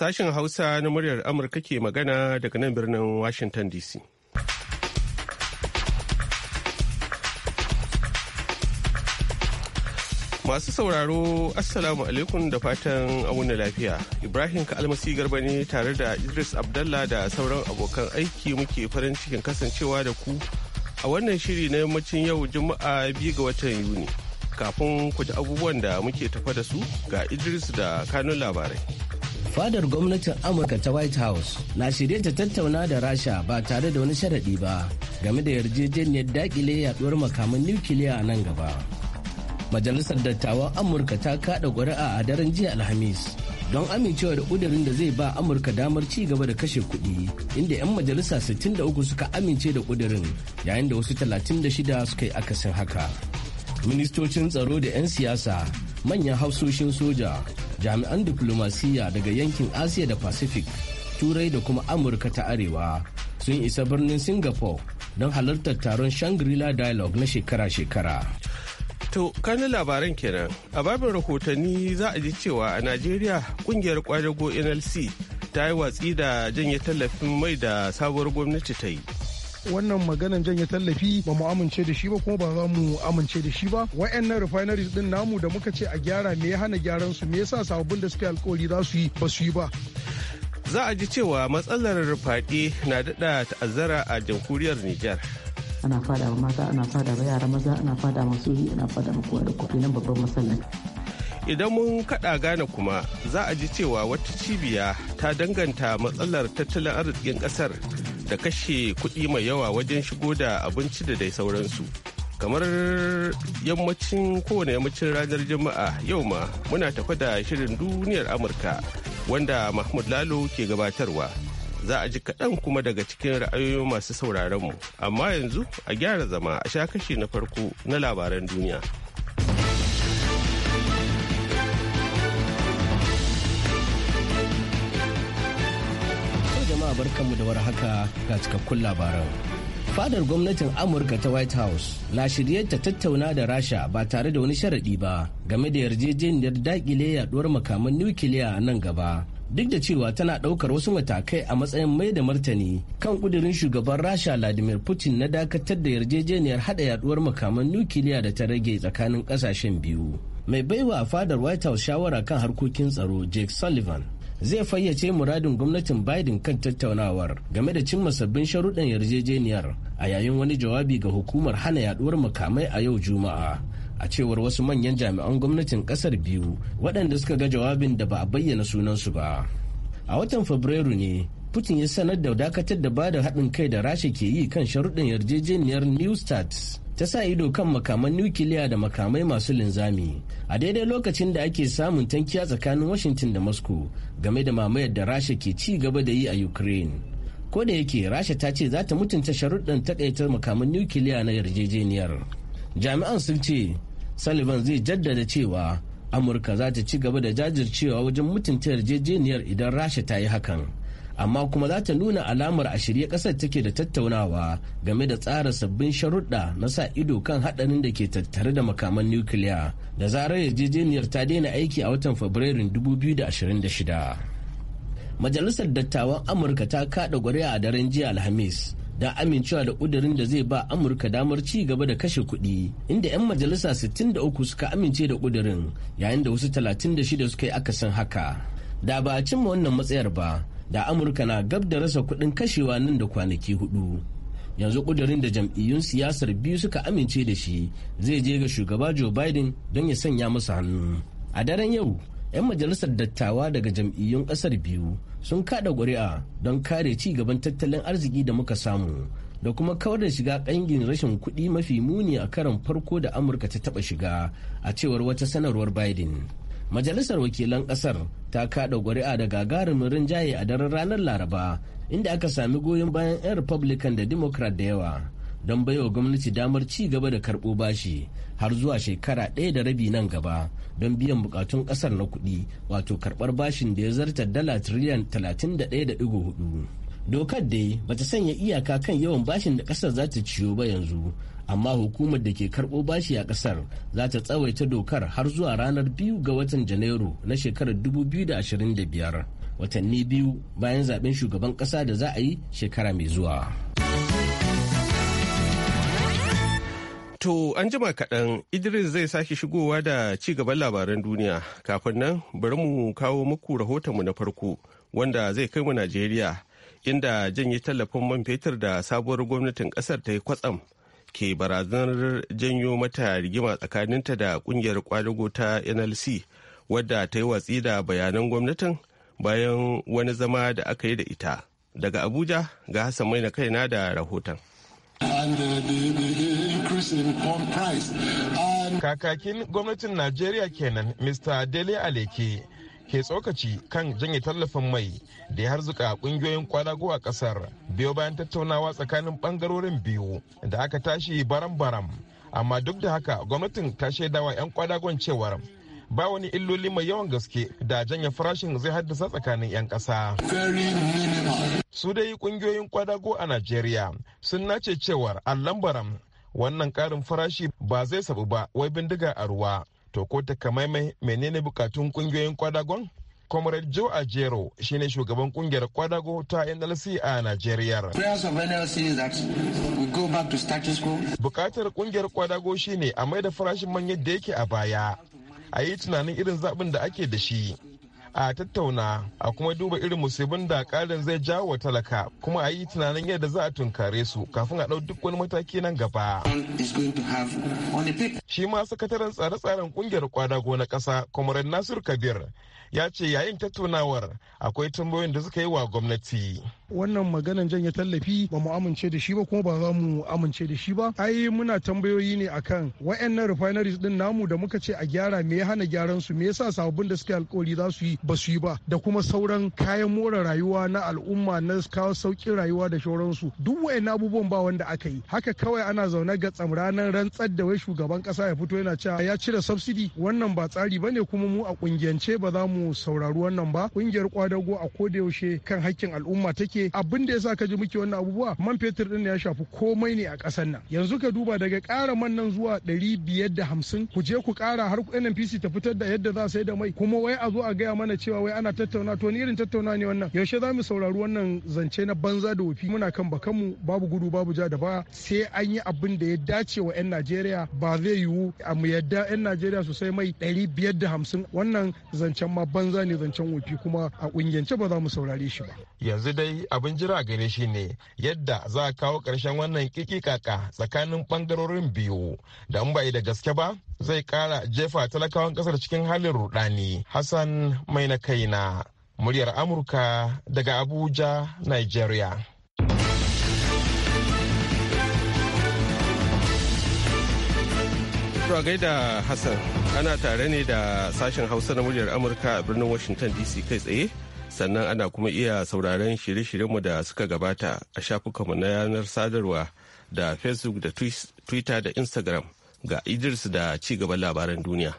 Sashen Hausa na muryar Amurka ke magana daga nan birnin Washington DC. Masu sauraro, Assalamu alaikum da fatan auna lafiya. Ibrahim Kalmasi Garba ne tare da Idris Abdallah da sauran abokan aiki muke farin cikin kasancewa da ku a wannan shiri na yammacin yau Juma'a biyu ga watan Yuni. Kafin ku ji abubuwan da muke tafa da su ga Idris da kanun labarai. fadar gwamnatin amurka ta white house na shirye ta tattauna da rasha ba tare da wani sharaɗi ba game da yarjejeniyar dakile yaɗuwar makaman nukiliya a nan gaba majalisar dattawan amurka ta kaɗa ƙuri'a a daren jiya alhamis don amincewa da ƙudurin da zai ba amurka damar ci gaba da kashe kuɗi inda 'yan majalisa 63 suka amince da ƙudurin yayin da wasu 36 suka yi akasin haka ministocin tsaro da 'yan siyasa manyan hausoshin soja jami'an diplomasiyya daga yankin asiya da pacific turai da kuma amurka ta arewa sun isa birnin singapore don halartar taron shangri-la dialogue na shekara-shekara To, kanin labaran kenan. A babin rahotanni za a ji cewa a Najeriya kungiyar kwadago NLC ta yi watsi da janye tallafin mai da sabuwar gwamnati ta yi. wannan maganan janye tallafi ba mu amince da shi ba kuma ba za mu amince da shi ba wayannan refineries din namu da muka ce a gyara me ya hana gyaran su me yasa sababbin da suke alkawari za su yi ba su yi ba za a ji cewa matsalar rufaɗe na daɗa ta'azzara a jamhuriyar Nijar. ana fada wa mata ana fada wa yara maza ana fada ma su ana fada ma kowa da kofi nan babban matsala idan mun kaɗa gane kuma za a ji cewa wata cibiya ta danganta matsalar tattalin arzikin ƙasar. da kashe kuɗi mai yawa wajen shigo da abinci da dai sauransu kamar yammacin kowane yammacin ranar juma'a yau ma muna tafa da shirin duniyar amurka wanda mahmud lalo ke gabatarwa za a ji kaɗan kuma daga cikin ra'ayoyin masu sauraronmu amma yanzu a gyara zama a sha kashi na farko na labaran duniya. barkanmu da warhaka ga cikakkun labaran. Fadar gwamnatin Amurka ta White House na shirye ta tattauna da Rasha ba tare da wani sharaɗi ba game da yarjejeniyar dakile yaduwar makaman nukiliya a nan gaba. Duk da cewa tana ɗaukar wasu matakai a matsayin mai da martani kan ƙudurin shugaban Rasha Vladimir Putin na dakatar da yarjejeniyar haɗa yaduwar makaman nukiliya da ta rage tsakanin ƙasashen biyu. Mai baiwa fadar White House shawara kan harkokin tsaro Jake Sullivan zai fayyace muradin gwamnatin Biden kan tattaunawar game da cimma sabbin sharuɗan yarjejeniyar a yayin wani jawabi ga hukumar hana yaduwar makamai a yau Juma'a. A cewar wasu manyan jami'an gwamnatin ƙasar biyu waɗanda suka ga jawabin da ba a bayyana sunansu ba. A watan Fabrairu ne Putin ya sanar da dakatar da bada haɗin kai da Rasha ke yi kan sharuɗan yarjejeniyar New Start ta sa ido kan makaman nukiliya da makamai masu linzami a daidai lokacin da ake samun tankiya tsakanin washington da moscow game da mamayar da rasha ke ci gaba da yi a ukraine ko da yake rasha ta ce za ta mutunta sharuɗan takaitar makaman nukiliya na yarjejeniyar jami'an sun ce sullivan zai jaddada cewa amurka za ta ci gaba da jajircewa wajen mutunta yarjejeniyar idan rasha ta yi hakan amma kuma za ta nuna alamar a shirye ƙasar take da tattaunawa game da tsara sabbin sharuɗa na sa ido kan haɗarin da ke tattare da makaman nukiliya da zarar yarjejeniyar ta daina aiki a watan fabrairun 2026 majalisar dattawan amurka ta kaɗa ƙuri'a a daren jiya alhamis da amincewa da ƙudurin da zai ba amurka damar ci gaba da kashe kuɗi inda 'yan majalisa 63 suka amince da ƙudurin yayin da wasu 36 suka yi akasin haka da ba a cimma wannan matsayar ba da amurka na gab da rasa kuɗin kashewa nan da kwanaki hudu yanzu kudurin da jam'iyyun siyasar biyu suka amince da shi zai je ga shugaba joe biden don ya sanya musu hannu a daren yau 'yan majalisar dattawa daga jam'iyyun kasar biyu sun kada ƙuri'a don kare ci gaban tattalin arziki da muka samu da kuma kawar da shiga ƙangin rashin kuɗi mafi muni a karon farko da amurka ta taɓa shiga a cewar wata sanarwar biden majalisar wakilan kasar ta kaɗa gwari'a da gagarumin rinjaye a daren ranar laraba inda aka sami goyon bayan 'yan republican da democrat da yawa don baiwa gwamnati damar ci gaba da karɓo bashi har zuwa shekara ɗaya da rabi nan gaba don biyan bukatun ƙasar na kuɗi wato karɓar bashin da ya zarta dala triliyan 31.4 dokar dai bata sanya iyaka kan yawan bashin da ƙasar za ta ciyo ba yanzu amma hukumar da ke karɓo bashi a ƙasar za ta tsawaita dokar har zuwa ranar biyu ga watan janairu na shekarar 2025 watanni biyu bayan zaben shugaban ƙasa da za a yi shekara mai zuwa. To, an jima kaɗan Idris zai sake shigowa da ci gaban labaran duniya. Kafin nan, bari mu kawo muku rahotonmu na farko, wanda zai kai mu Najeriya, inda janye tallafin man fetur da sabuwar gwamnatin ƙasar ta yi kwatsam ke barazanar janyo mata rigima tsakaninta da kungiyar kwadago ta nlc wadda ta yi watsi da bayanan gwamnatin bayan wani zama da aka yi da ita daga abuja ga hassan mai na kaina da rahoton kakakin gwamnatin najeriya kenan mr dele aleke ke tsokaci kan janye tallafin mai da ya harzuka kungiyoyin kwadago a kasar biyo bayan tattaunawa tsakanin bangarorin biyu da aka tashi baram-baram amma duk da haka gwamnatin ta shaidawa 'yan kwadagon cewar ba wani illoli mai yawan gaske da janye farashin zai haddasa tsakanin 'yan ƙasa. Su dai kungiyoyin kwadago a Najeriya sun nace cewar allambaram wannan ƙarin farashi ba zai sabu ba wai bindiga a ruwa. to ko mai menene bukatun kungiyoyin kwadagon comrade joe ajero shine shugaban kungiyar kwadago ta nlc a nigeria bukatar kungiyar kwadago shine a mai da farashin manyan da yake a baya a yi tunanin irin zaɓin da ake da shi a tattauna a kuma duba irin musibin da karin zai jawo wa talaka kuma a yi tunanin yadda za a tunkare su kafin a ɗau duk wani mataki nan gaba. Shi ma sakataren tsare-tsaren kungiyar kwadago na ƙasa Kwamarar Nasir Kabir ya ce yayin tattaunawar akwai tambayoyin da suka yi wa gwamnati. wannan maganan janye tallafi ba mu amince da shi ba kuma ba za mu amince da shi ba ai muna tambayoyi ne akan wayannan refineries din namu da muka ce a gyara me ya hana gyaran su me yasa sababbin da suke alkawari za su yi ba su yi ba da kuma sauran kayan more rayuwa na al'umma na kawo sauƙin rayuwa da su duk wayannan abubuwan ba wanda aka yi haka kawai ana zaune ga tsamranan rantsar da wai shugaban kasa ya fito yana cewa ya cire subsidy wannan ba tsari ba bane kuma mu a kungiyance ba za mu saurari wannan ba kungiyar kwadago a kodayaushe yaushe kan hakkin al'umma take yake abin da yasa ka ji muke wannan abubuwa man fetur din ya shafi komai ne a ƙasar nan yanzu ka duba daga ƙara man nan zuwa ɗari biyar da hamsin ku je ku ƙara har NNPC ta fitar da yadda za sai da mai kuma wai a zo a gaya mana cewa wai ana tattauna to ni irin tattauna ne wannan yaushe za mu saurari wannan zance na banza da wofi muna kan bakanmu babu gudu babu ja da ba sai an yi abin da ya dace wa 'yan Najeriya ba zai yiwu a mu yadda 'yan Najeriya su sai mai ɗari biyar da hamsin wannan zancen ma banza ne zancen wofi kuma a ƙungiyance ba za mu saurare shi ba. Yanzu dai abin jira gare shi ne yadda za a kawo ƙarshen wannan kikikaka tsakanin ɓangarorin biyu da bai da gaske ba zai ƙara jefa talakawan ƙasar cikin halin rudani hassan mai na kaina muryar amurka daga abuja nigeria gaida Hassan ana tare ne da sashen Hausa na muryar Amurka a birnin Washington DC kai tsaye sannan ana kuma iya sauraron shirye-shiryenmu da suka gabata a shafukanmu na yanar sadarwa da facebook da twitter da instagram ga idris da ci gaban labaran duniya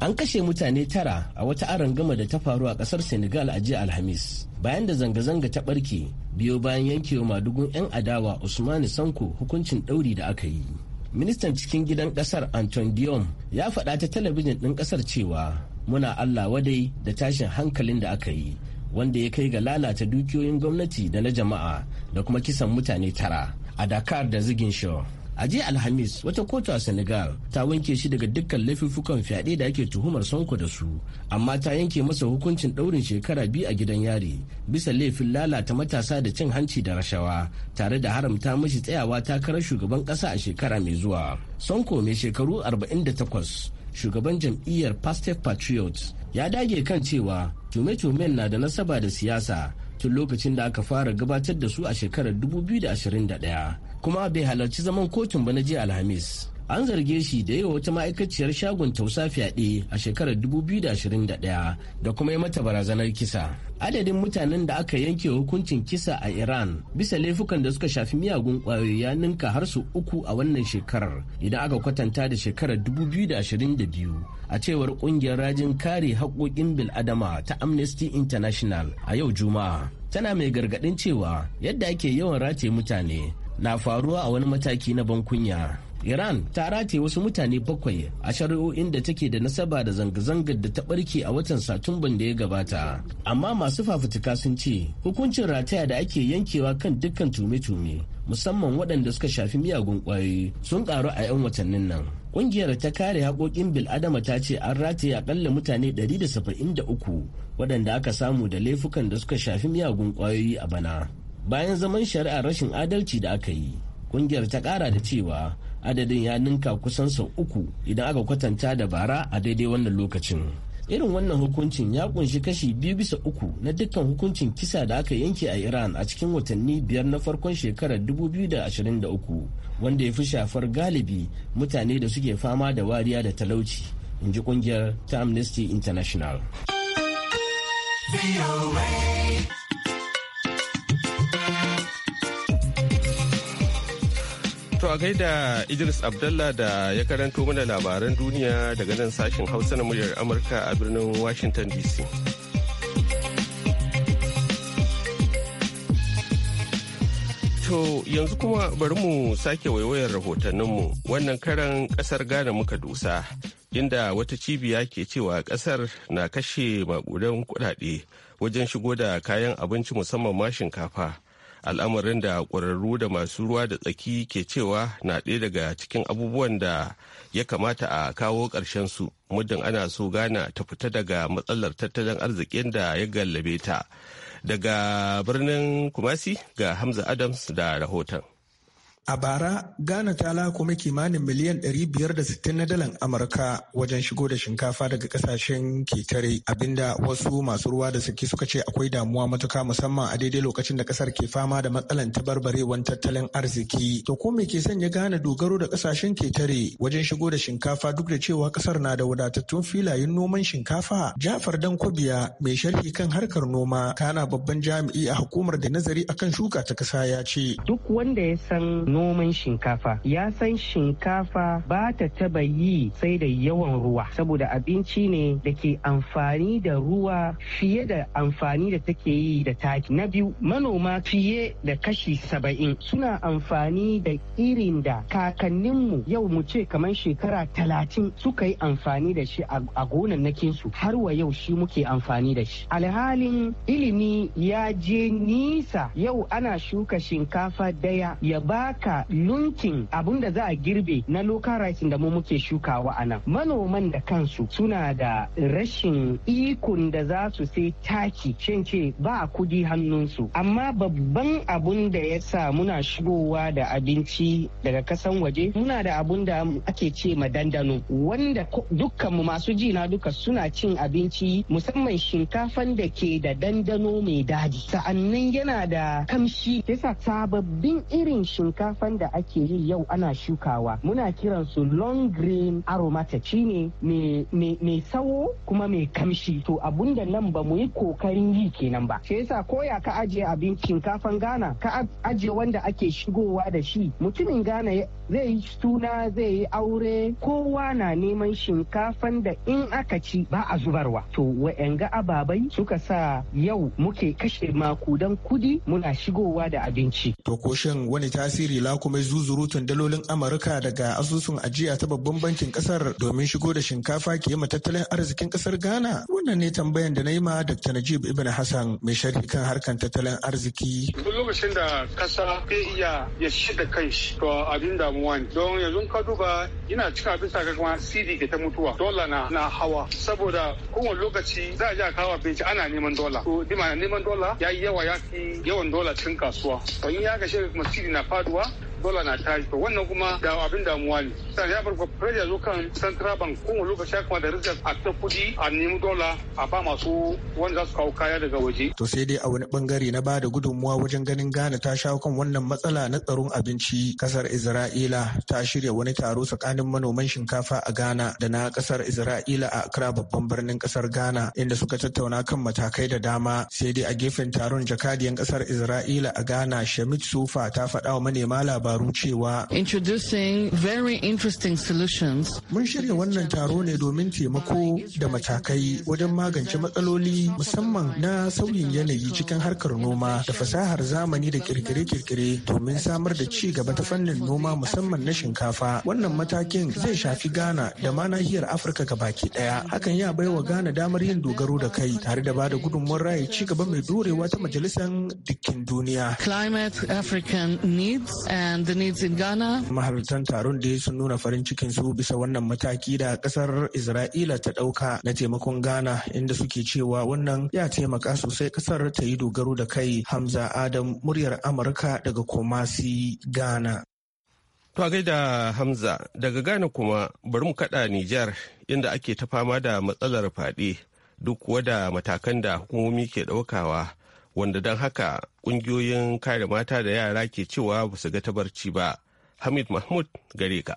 an kashe mutane tara a wata aron gama da ta faru a kasar senegal a jiya alhamis bayan da zanga-zanga ta barke biyo bayan yankewa madugun 'yan adawa usmani sanko hukuncin ɗauri da aka yi ministan cikin gidan kasar anton diom ya faɗa ta talabijin ɗin kasar cewa muna allah wadai da tashin hankalin da aka yi wanda ya kai ga lalata dukiyoyin gwamnati da na jama'a da kuma kisan mutane tara a dakar da zigin shaw a jiya alhamis wata kotu a senegal ta wanke shi daga dukkan laifuffukan fyaɗe da ake tuhumar sonko da su amma ta yanke masa hukuncin ɗaurin shekara biyu a gidan yari bisa laifin lalata matasa da cin hanci da rashawa tare da haramta mashi tsayawa takarar shugaban ƙasa a shekara mai zuwa sonko mai shekaru arba'in da takwas. shugaban jam'iyyar Pastef Patriots, ya dage kan cewa tume-tumen na da nasaba da siyasa tun lokacin da aka fara gabatar da su a shekarar 2021 kuma bai halarci zaman kotun ba na jiya Alhamis. an zarge shi da yi wa wata ma'aikaciyar shagon tausa fyaɗe a shekarar 2021 da kuma yi mata barazanar kisa adadin mutanen da aka yanke hukuncin kisa a iran bisa laifukan da suka shafi miyagun ƙwayoyi ya ninka har su uku a wannan shekarar idan aka kwatanta da shekarar 2022 a cewar ƙungiyar rajin kare haƙoƙin bil'adama ta amnesty international a yau juma'a tana mai gargaɗin cewa yadda ake yawan rataye mutane na faruwa a wani mataki na bankunya Iran ta rataye wasu mutane bakwai a shari'o'in da take da nasaba da zanga-zangar da ta barke a watan Satumban da ya gabata. Amma masu fafutuka sun ce hukuncin rataya da ake yankewa kan dukkan tume-tume musamman waɗanda suka shafi miyagun ƙwayoyi sun ƙaru a 'yan watannin nan. Ƙungiyar ta kare haƙoƙin bil'adama ta ce an rataye aƙalla mutane 173 waɗanda aka samu da laifukan da suka shafi miyagun ƙwayoyi a bana. Bayan zaman shari'ar rashin adalci da aka yi, ƙungiyar ta ƙara da cewa adadin ya ninka kusan sau uku idan aka kwatanta da bara a daidai wannan lokacin irin wannan hukuncin ya kunshi kashi biyu bisa uku na dukkan hukuncin kisa da aka yanke a iran a cikin watanni biyar na farkon shekarar 2023 wanda ya fi shafar galibi mutane da suke fama da wariya da talauci in ji kungiyar ta amnesty international To a gaida Idris Abdallah da ya karanto mana labaran duniya daga nan sashen Hausa na muryar Amurka a birnin Washington DC. To yanzu kuma bari mu sake waiwayar rahotanninmu wannan karan kasar Ghana muka dusa inda wata cibiya ke cewa kasar na kashe makudan kudade wajen shigo da kayan abinci musamman ma shinkafa. al'amarin da ƙwararru da masu ruwa da tsaki ke cewa na ɗaya daga cikin abubuwan da ya kamata a kawo ƙarshen su muddin ana so gana ta fita daga matsalar tattalin arzikin da ya gallabe ta daga birnin kumasi ga hamza adams da rahoton A bara, Ghana ta lakumi kimanin miliyan 560 na dalan Amurka wajen shigo da shinkafa daga kasashen ketare abinda wasu masu ruwa da suke suka ce akwai damuwa matuka musamman a daidai lokacin da kasar ke fama da matsalan tabarbarewan tattalin arziki. To ko me ke sanya Ghana dogaro da kasashen ketare wajen shigo da shinkafa duk da cewa kasar na da wadatattun filayen noman shinkafa? Jafar Dan kwabiya mai sharhi kan harkar noma kana babban jami'i a hukumar da nazari akan shuka ta kasa ya ce. Duk wanda ya san noman shinkafa ya san shinkafa ba ta taba yi sai da yawan ruwa saboda abinci ne da ke amfani da ruwa fiye da amfani da take yi da taki na biyu manoma fiye da kashi saba'in suna amfani da irin da kakanninmu yau mu ce kamar shekara talatin suka yi amfani da shi a gonannakinsu har wa yau shi muke amfani da shi alhalin ilimi ya je nisa yau ana shuka shinkafa daya ya ba shuka lunkin abun da za a girbe na local rice da mu muke shukawa a nan manoman da kansu suna da rashin ikon da za su sai taki shin ce ba kudi hannunsu amma babban abun da ya sa muna shigowa da abinci daga kasan waje muna da abun da ake ce ma dandano wanda dukkanmu masu ji na duka suna cin abinci musamman shinkafan da ke da dandano mai daji sa'annan yana da kamshi yasa sababbin irin shinkafa shinkafan da ake yi yau ana shukawa muna kiran su long green aromatic shine mai sawo kuma mai kamshi to abun da nan ba mu yi kokarin yi kenan ba shi yasa ya ka ajiye abin shinkafan Ghana ka ajiye wanda ake shigowa da shi mutumin Ghana zai yi suna zai yi aure kowa na neman shinkafan da in aka ci ba a zubarwa to wa'yanga ababai suka sa yau muke kashe makudan kudi muna shigowa da abinci to ko shin wani tasiri ingila kuma zuzurutun dalolin amurka daga asusun ajiya ta babban bankin kasar domin shigo da shinkafa ke tattalin arzikin kasar ghana wannan ne tambayan da na yi ma dr najib ibn hassan mai sharhi kan harkan tattalin arziki duk lokacin da kasa ke iya ya kai shi to abin damuwa ne don yanzu ka yana cika abin sa kuma cd ke ta mutuwa dola na na hawa saboda kowane lokaci za a ji a kawo abinci ana neman dola to dima neman dola ya yi yawa ya fi yawan dola cikin kasuwa to in ya gashe kuma cd na faduwa dola na tashi to wannan kuma da abin damuwa ne sai ya bar kwakwar ya zo kan central bank kowane lokaci kuma da a ta kudi a nemi dola a ba masu wanda za su kawo kaya daga waje. to sai dai a wani bangare na ba da gudunmuwa wajen ganin ghana ta shawo kan wannan matsala na tsaron abinci kasar isra'ila ta shirya wani taro tsakanin manoman shinkafa a ghana da na kasar isra'ila a accra babban birnin kasar ghana inda suka tattauna kan matakai da dama sai dai a gefen taron jakadiyan kasar isra'ila a ghana shamit sufa ta faɗa wa manema labarai dabaru cewa Introducing very interesting solutions. Mun shirya wannan taro ne domin taimako da matakai wajen magance matsaloli musamman na sauyin yanayi cikin harkar noma da fasahar zamani da kirkire-kirkire domin samar da ci gaba ta fannin noma musamman na shinkafa. Wannan matakin zai shafi Ghana da ma nahiyar Afirka baki daya. Hakan ya baiwa Ghana damar yin dogaro da kai tare da bada gudunmuwar raye ci gaba mai dorewa ta majalisar dukkin duniya. Climate African needs and and in Ghana. Mahalartan taron da sun nuna farin cikin su bisa wannan mataki da kasar Isra'ila ta ɗauka na taimakon Ghana inda suke cewa wannan ya taimaka sosai kasar ta yi dogaro da kai Hamza Adam muryar Amurka daga Kumasi, Ghana. To gaida Hamza daga Ghana kuma bari mu kada Nijar inda ake ta fama da matsalar fadi duk kuwa da matakan da hukumomi ke ɗaukawa wanda don haka ƙungiyoyin kare mata da yara ke cewa ba su ga tabarci ba. Hamid Mahmud gare ka.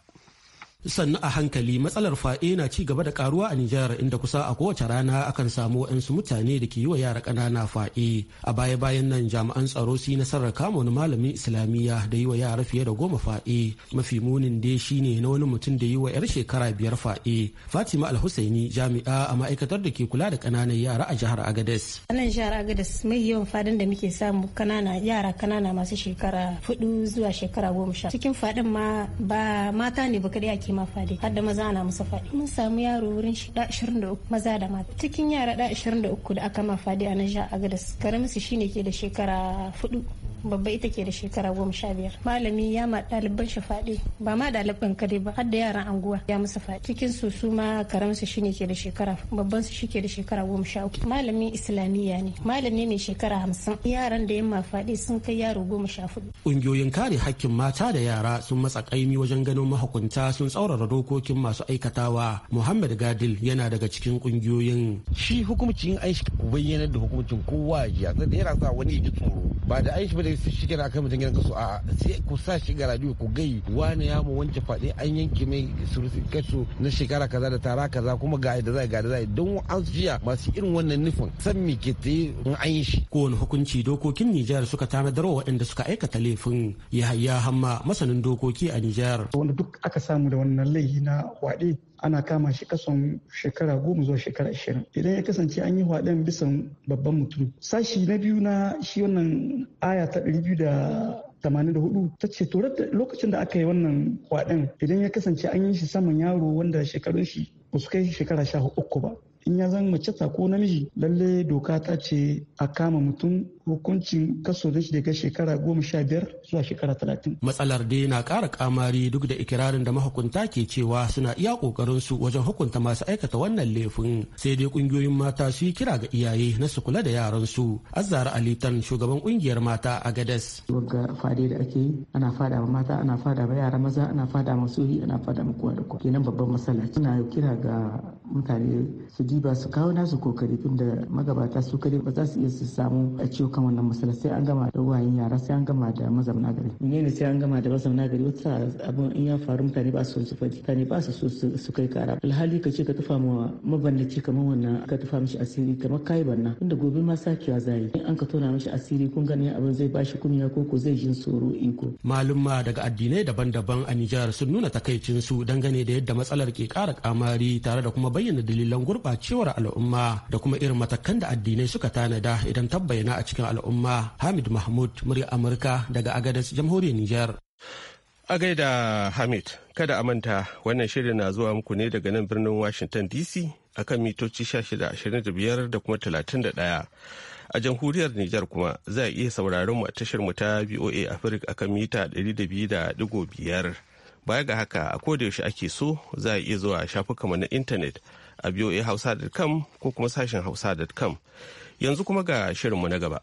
sannu a hankali matsalar fa'e na ci gaba da karuwa a Nijar inda kusa a kowace rana akan samu waɗansu mutane da ke yi wa yara ƙanana fa'e a baya bayan nan jami'an tsaro su yi nasarar kama wani malamin islamiyya da yi wa yara fiye da goma fa'e mafi munin dai shine na wani mutum da yi wa yar shekara biyar fa'e Fatima Alhusaini jami'a a ma'aikatar da ke kula da ƙananan yara a jihar Agadez. Anan jihar Agadez mai yawan fadin da muke samu ƙanana yara ƙanana masu shekara hudu zuwa shekara goma sha cikin fadin ma ba mata ne ba kadai ake ma fadi har da maza ana musu fadi mun samu yaro wurin shi da 23 maza da mata cikin yara da 23 da aka ma fadi a nan a gadas karamin su shine ke da shekara 4 babba ita ke da shekara goma sha biyar malami ya ma ɗaliban shi faɗi ba ma ɗaliban kare ba har da yaran anguwa ya musu faɗi cikin su su ma karamsu shine ke da shekara babban su shi ke da shekara goma sha uku malamin islamiyya ne malami mai shekara hamsin yaran da yamma faɗi sun kai yaro goma sha hudu. ƙungiyoyin kare hakkin mata da yara sun matsa ƙaimi wajen ganin mahukunta sun tsaurara dokokin masu aikatawa muhammad gadil yana daga cikin ƙungiyoyin. shi hukumcin aishi bayyanar da hukumcin kowa ya da yana sa wani ya ji tsoro ba da aishi ba da su shi kenan akai mutum gidan kasu a sai ku sa shi ga radio ku gai wani ya mu wance faɗi an yanke mai surutu kasu na shekara kaza da tara kaza kuma ga da zai ga da zai don an fiya masu irin wannan nufin san me ke tsaye in an yi shi. kowane hukunci dokokin Nijar suka tanadar wa waɗanda suka aikata laifin ya hamma masanin dokoki a Nijar. wanda duk aka samu da wannan laifi na waɗe ana kama shi kason shekara goma zuwa shekara ashirin idan ya kasance an yi hwaɗen bisan babban mutum sashi na biyu na shi wannan aya ta ɗari biyu da hudu ta ce to lokacin da aka yi wannan hwaɗen idan ya kasance an yi shi saman yaro wanda shekarun shi ba su kai shekara sha uku ba in ya zan mace ta ko namiji lalle doka ta ce a kama mutum hukuncin kaso da shi daga shekara goma sha biyar zuwa shekara talatin. Matsalar dai na ƙara kamari duk da ikirarin da mahukunta ke cewa suna iya ƙoƙarin su wajen hukunta masu aikata wannan laifin sai dai ƙungiyoyin mata su yi kira ga iyaye na su kula da yaran su. Azzara Alitan shugaban ƙungiyar mata a Gadas. Wagga fade da ake yi ana fada ma mata ana fada ma yara maza ana fada ma suri ana fada ma kowa da kowa kenan babban matsala. Suna kira ga mutane su ba su kawo nasu kokari tun tunda magabata su kare ba za su iya su samu a ciwo kan wannan masala sai an gama da wayan yara sai an gama da mazauna gari ne sai an gama da mazauna gari wata abin in ya faru mutane ba su su faɗi mutane ba su so su kai kara alhali ka ce ka tufa ma mabannaci kamar wannan ka tufa mishi asiri kamar kai banna tunda gobe ma sakewa zai in an ka tona mishi asiri kun gani abin zai bashi kunya ko ko zai jin tsoro iko malumma daga addinai daban-daban a Nijar sun nuna takaicinsu dangane da yadda matsalar ke kara kamari tare da kuma bayyana dalilan gurɓacewar al'umma da kuma irin matakan da addinai suka tanada idan tabbayana a cikin al'umma hamid mahmud murya amurka daga agadas jamhuriyar niger a gaida hamid kada a manta wannan shirin na zuwa muku ne daga nan birnin washington dc akan mitoci 1625 da kuma 31 a jamhuriyar Nijar kuma za a iya sauraron mu a tashar mu ta VOA Africa akan mita 200.5 baya ga haka a kodayaushe ake so za a iya zuwa shafukanmu na intanet a voahausa.com ko kuma sashen hausa.com yanzu kuma ga shirinmu na gaba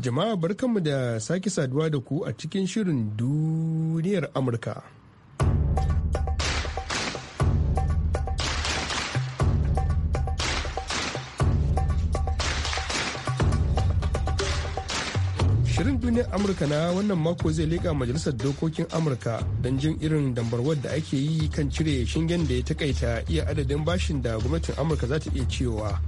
jama'a barkanmu da sake saduwa da ku a cikin shirin duniyar amurka duniyar amurka na wannan mako zai leƙa majalisar dokokin amurka don jin irin dambarwar da ake yi kan cire shingen da ya takaita iya adadin bashin da gwamnatin amurka za ta iya cewa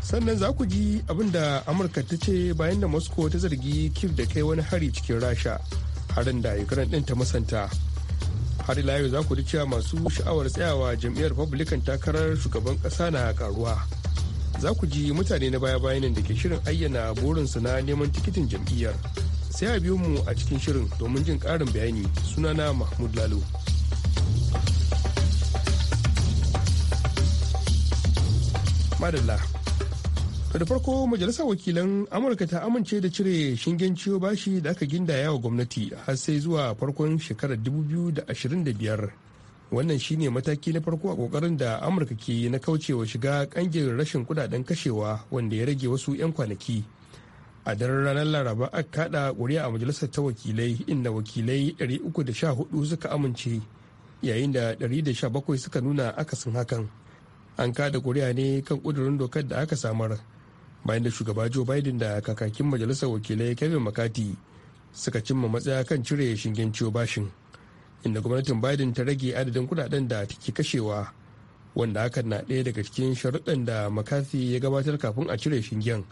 sannan za ku ji abin da amurka ta ce bayan da moscow ta zargi kif da kai wani hari cikin rasha harin da ukraine ɗin ta masanta har ila yau za ku ji cewa masu sha'awar tsayawa jam'iyyar republican takarar shugaban ƙasa na karuwa za ku ji mutane na baya-bayan da ke shirin ayyana burinsu na neman tikitin jam'iyyar sai a biyo mu a cikin shirin domin jin ƙarin bayani sunana mahmud lalo madalla da farko majalisar wakilan amurka ta amince da cire shingen ciwo bashi da aka gindaya wa gwamnati har sai zuwa farkon shekarar 2025 wannan shine mataki na farko a kokarin da amurka ke na kaucewa shiga kangin rashin kudaden kashewa wanda ya rage wasu 'yan kwanaki a daren ranar laraba aka kada ƙuri'a a majalisar ta wakilai inda wakilai 314 suka amince yayin da 117 suka nuna akasin hakan an kada kuri'a ne kan ƙudurin dokar da aka samar bayan da shugaba joe biden da kakakin majalisar wakilai kevin mccarthy suka cimma matsaya kan cire shingen ciwo bashin inda gwamnatin biden ta rage adadin kudaden da take kashewa wanda hakan na ɗaya daga cikin sharuɗan da makafi ya gabatar kafin a cire shingen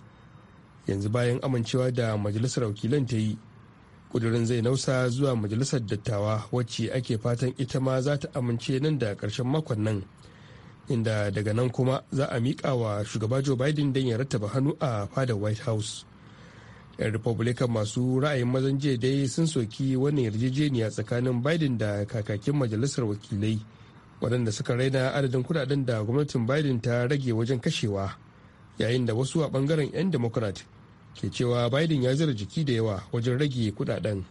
yanzu bayan amincewa da majalisar wakilan ta yi ƙudurin zai nausa zuwa majalisar dattawa wacce ake fatan ita ma za ta amince nan da ƙarshen makon nan inda daga nan kuma za a miƙa wa shugaba joe biden don ya rattaba hannu a fadar white house 'yan republican masu ra'ayin mazan jiya dai sun soki wannan yarjejeniya tsakanin biden da kakakin majalisar wakilai waɗanda suka raina adadin kudaden da gwamnatin biden ta rage wajen kashewa yayin da wasu a ɓangaren 'yan democrat ke cewa biden ya zira jiki da yawa wajen rage kudaden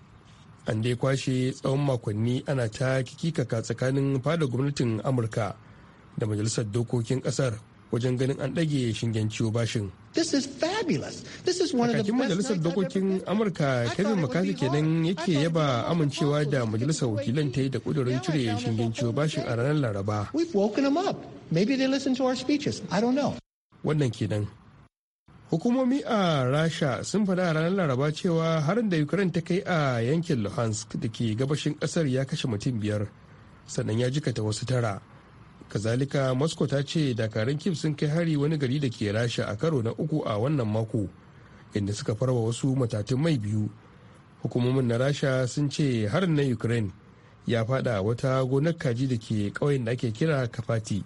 an dai kwashe tsawon makonni ana ta kikikaka tsakanin fada gwamnatin amurka da majalisar dokokin kasar wajen ganin an ɗage shingen ciwo bashin. Kakakin majalisar dokokin Amurka Kevin McCarthy kenan yake yaba amincewa da majalisar wakilan ta yi da kudurin cire shingen ciwo bashin a ranar Laraba. Wannan kenan. Hukumomi a Rasha sun faɗa a ranar Laraba cewa harin da Ukraine ta kai a yankin Luhansk da ke gabashin ƙasar ya kashe mutum biyar, sannan ya jikata wasu tara. kazalika moscow ta ce dakarun kif sun kai hari wani gari da ke rasha a karo na uku a wannan mako inda suka farwa wasu matatun mai biyu hukumomin na rasha sun ce harin na ukraine ya fada wata gonar kaji da ke ƙauyen da ake kira kafati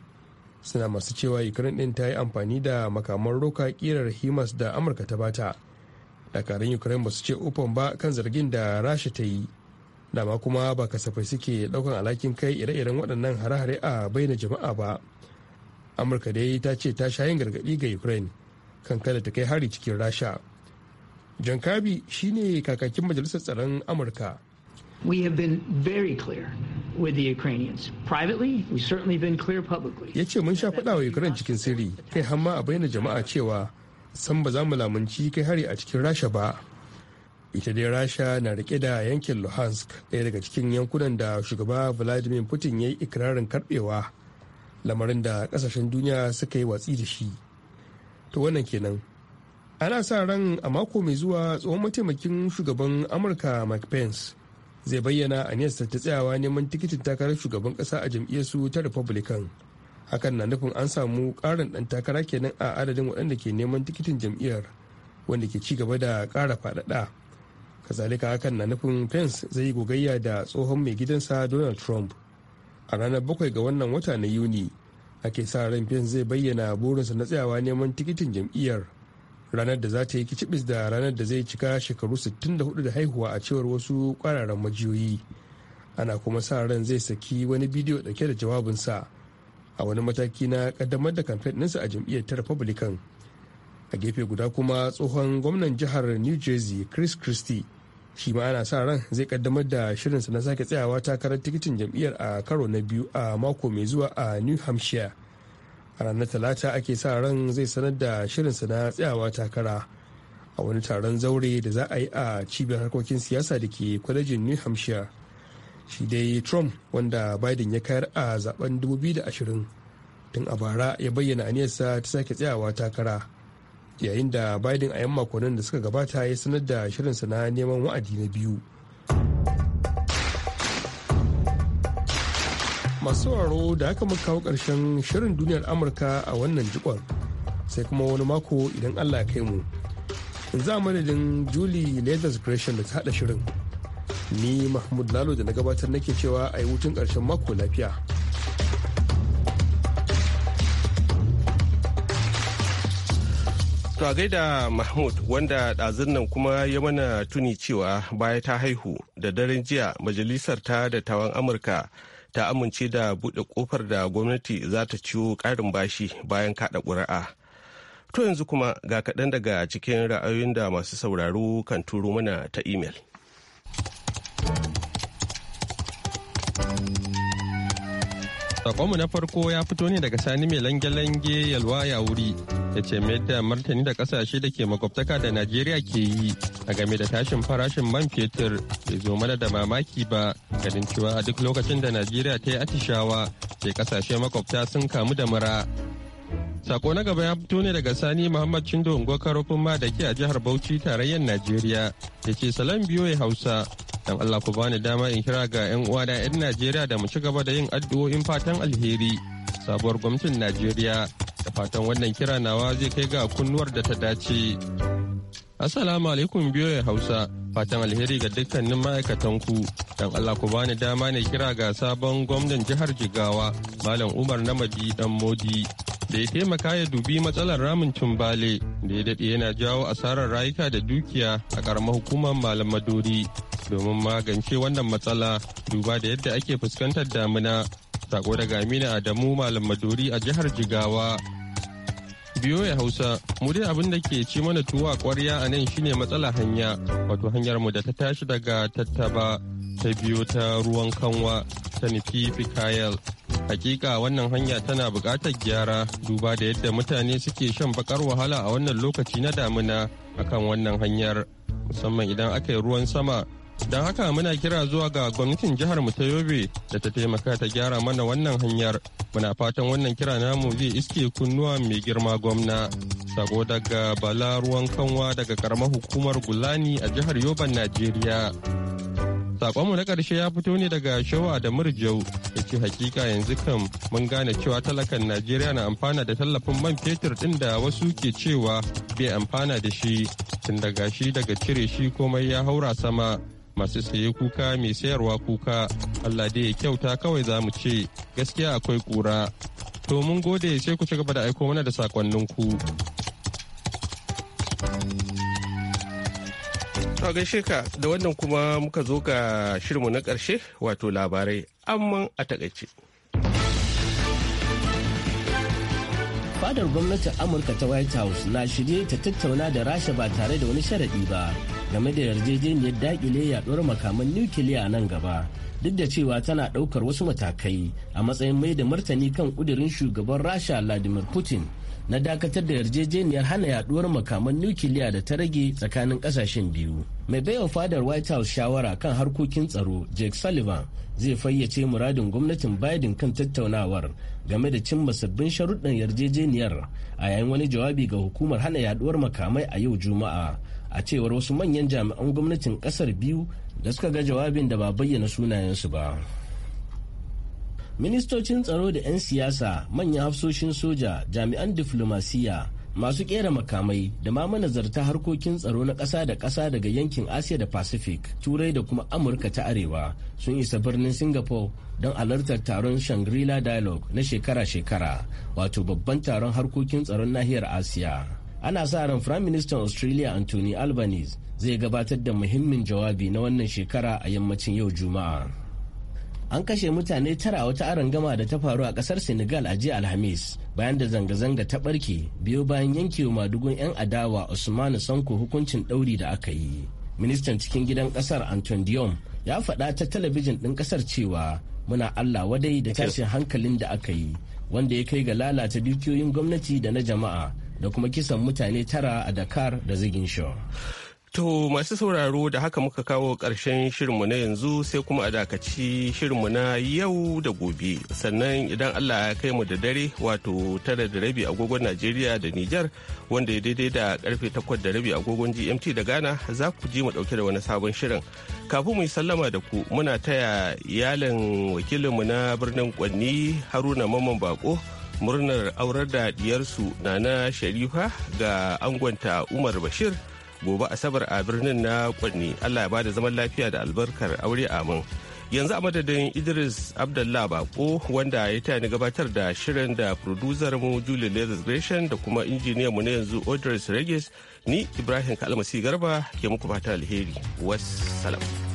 suna masu cewa ukraine din ta yi amfani da makaman roka kirar himas da amurka ta bata dakarun ukraine ba su ce ufan ba kan zargin da rasha ta yi dama kuma ba kasafai suke daukan alhakin kai ire-iren waɗannan hare-hare a baina jama'a ba amurka dai ta ce ta sha yin gargaɗi ga ukraine kan kada ta kai hari cikin rasha john kirby shine kakakin majalisar tsaron amurka We have been very clear with the Ukrainians. Privately, we've certainly been clear publicly. Ya ce mun sha faɗa wa Ukraine cikin sirri, kai hamma a bayyana jama'a cewa san ba za mu lamunci kai hari a cikin Rasha ba. ita dai rasha na rike da yankin luhansk ɗaya daga cikin yankunan da shugaba vladimir putin ya yi ikirarin karbewa lamarin da kasashen duniya suka yi watsi da shi to wannan kenan ana sa ran a mako mai zuwa tsohon mataimakin shugaban amurka mike pence zai bayyana a nesa ta tsayawa neman tikitin takarar shugaban kasa a jam'iyyarsu ta republican hakan na nufin an samu karin dan takara kenan a adadin waɗanda ke neman tikitin jam'iyyar wanda ke ci gaba da ƙara faɗaɗa kazalika hakan na nufin pence zai yi gogayya da tsohon mai gidansa donald trump a ranar bakwai ga wannan wata na yuni ake sa ran pence zai bayyana burinsa na tsayawa neman tikitin jam'iyyar ranar da za ta yi kicibis da ranar da zai cika shekaru 64 da haihuwa a cewar wasu kwararan majiyoyi ana kuma sa ran zai saki wani bidiyo dauke da jawabinsa a wani mataki na kaddamar da kamfen ɗinsa a jam'iyyar ta republican a gefe guda kuma tsohon gwamnan jihar new jersey chris christie shi ma ana sa ran zai kaddamar da shirinsa na sake tsayawa takarar tikitin jam'iyyar a karo na biyu a mako mai zuwa a new hampshire a ranar talata ake sa ran zai sanar da shirinsa na tsayawa takara a wani taron zaure da za a yi a cibiyar harkokin siyasa da ke kwalejin new hampshire shi dai trump wanda biden ya kayar a zaben 2020 tun a bara ya bayyana aniyarsa ta sake tsayawa takara yayin da biden a yan makonnin da suka gabata ya sanar da shirinsa na neman wa'adi na biyu masu sauraro da aka muka kawo ƙarshen shirin duniyar amurka a wannan jikon sai kuma wani mako idan allah kai mu za madadin julie leathers gresham da ta haɗa shirin ni mahmud lalo da na gabatar nake cewa a yi hutun ƙarshen mako lafiya To a gaida Mahmud wanda ɗazun nan kuma ya mana tuni cewa baya ta haihu da daren jiya majalisar ta da tawan Amurka ta amince da buɗe ƙofar da gwamnati za ta ciwo ƙarin bashi bayan kaɗa ƙuri'a. To yanzu kuma ga kaɗan daga cikin ra'ayoyin da masu sauraro kan turo mana ta imel. Sakonmu na farko ya fito ne daga sani mai lange-lange yalwa ya wuri ya ce mai da martani da kasashe da ke makwabtaka da Najeriya ke yi a game da tashin farashin man fetur bai zo mana da mamaki ba ganin cewa a duk lokacin da Najeriya ta yi atishawa sai kasashe makwabta sun kamu da mura. Sako na gaba ya fito ne daga Sani Muhammad Chindo Ngwa ma da ke a jihar Bauchi tarayyar Najeriya ya ce salam biyo Hausa Dan Allah ku bani dama in kira ga 'yan uwa da 'yan Najeriya da mu ci gaba da yin addu'o'in fatan alheri. Sabuwar gwamnatin Najeriya da fatan wannan kira nawa zai kai ga kunnuwar da ta dace. Assalamu alaikum ya Hausa. Fatan alheri ga dukkanin ma'aikatan ku. Dan Allah ku bani dama ne kira ga sabon gwamnan jihar Jigawa, Malam Umar Namadi Dan Modi. Da ya taimaka ya dubi matsalar ramin tumbale da ya daɗe yana jawo asarar rayuka da dukiya a ƙaramar hukumar Malam Madori. domin magance wannan matsala duba da yadda ake fuskantar damina sako daga amina adamu malam maduri a jihar jigawa biyo ya hausa mu dai abin da ke ci mana tuwa kwarya a nan shine matsala hanya wato hanyar mu da ta tashi daga tattaba ta biyo ta ruwan kanwa ta nufi fikayel hakika wannan hanya tana buƙatar gyara duba da yadda mutane suke shan bakar wahala a wannan lokaci na damina akan wannan hanyar musamman idan aka yi ruwan sama Don haka muna kira zuwa ga gwamnatin jihar mu ta Yobe da ta taimaka ta gyara mana wannan hanyar. Muna fatan wannan kira namu zai iske kunnuwa mai girma gwamna. Sako daga Bala ruwan kanwa daga karamar hukumar Gulani a jihar Yoban Najeriya. Sakonmu na karshe ya fito ne daga Shawa da Murjau da ke hakika yanzu kan mun gane cewa talakan Najeriya na amfana da tallafin man fetur din da wasu ke cewa bai amfana da shi tun daga shi daga cire shi komai ya haura sama. masu saye kuka mai sayarwa kuka Allah dai ya kyauta kawai za mu ce gaskiya akwai kura to mun gode sai ku ci gaba da aiko mana da sakonninku To gaishe ka da wannan kuma muka zo ga shirinmu na ƙarshe wato labarai amma a takaice. Fadar gwamnatin Amurka ta White House na shirye ta tattauna da Rasha ba tare da wani sharaɗi ba. game da yarjejeniyar dakile yaduwar makaman nukiliya nan gaba duk da cewa tana daukar wasu matakai a matsayin mai da martani kan kudirin shugaban rasha vladimir putin na dakatar da yarjejeniyar hana yaduwar makaman nukiliya da ta rage tsakanin kasashen biyu mai baiwa fadar white house shawara kan harkokin tsaro jake sullivan zai fayyace muradin gwamnatin biden kan tattaunawar game da cimma sabbin sharuɗan yarjejeniyar a yayin wani jawabi ga hukumar hana yaduwar makamai a yau juma'a a cewar wasu manyan jami'an gwamnatin ƙasar biyu da suka ga jawabin da ba bayyana sunayensu ba ministocin tsaro da 'yan siyasa manyan hafsoshin soja jami'an diflomasiyya masu kera makamai da ma manazarta harkokin tsaro na ƙasa da ƙasa daga yankin asiya da pacific turai da kuma amurka ta arewa sun isa birnin singapore don alartar taron shangri-la dialogue na shekara-shekara wato babban taron harkokin tsaron nahiyar asiya ana sa ran prime minister australia anthony albanese zai gabatar da muhimmin jawabi na wannan shekara a yammacin yau juma'a an kashe mutane tara wata arangama da ta faru a kasar senegal a jiya alhamis bayan da zanga-zanga ta barke biyo bayan wa madugun 'yan adawa usmanu sanko hukuncin ɗauri da aka yi ministan cikin gidan kasar anton diom ya faɗa ta talabijin ɗin kasar cewa muna allah wadai da tashin hankalin da aka yi wanda ya kai ga lalata dukiyoyin gwamnati da na jama'a da kuma kisan mutane tara a dakar da zigin shaw To masu sauraro da haka muka kawo ƙarshen shirinmu na yanzu sai kuma a dakaci shirinmu na yau da gobe. Sannan idan Allah ya kai mu da dare wato tara da rabi agogon Najeriya da Nijar wanda ya daidai da karfe takwas da rabi agogon GMT da Ghana za ku ji mu ɗauke da wani sabon shirin. Kafin mu yi sallama da ku muna taya iyalin wakilinmu na birnin Kwanni Haruna Maman Bako. murnar aurar da diyarsu nana sharifa ga angonta umar bashir gobe asabar a birnin na kwanni allah ya bada zaman lafiya da albarkar aure amin yanzu a madadin idris abdullah bako wanda ya tani gabatar da shirin da producer mu julie lezis gresham da kuma injiniyan mu na yanzu audrey regis ni ibrahim kalmasi garba ke muku fata alheri wassalam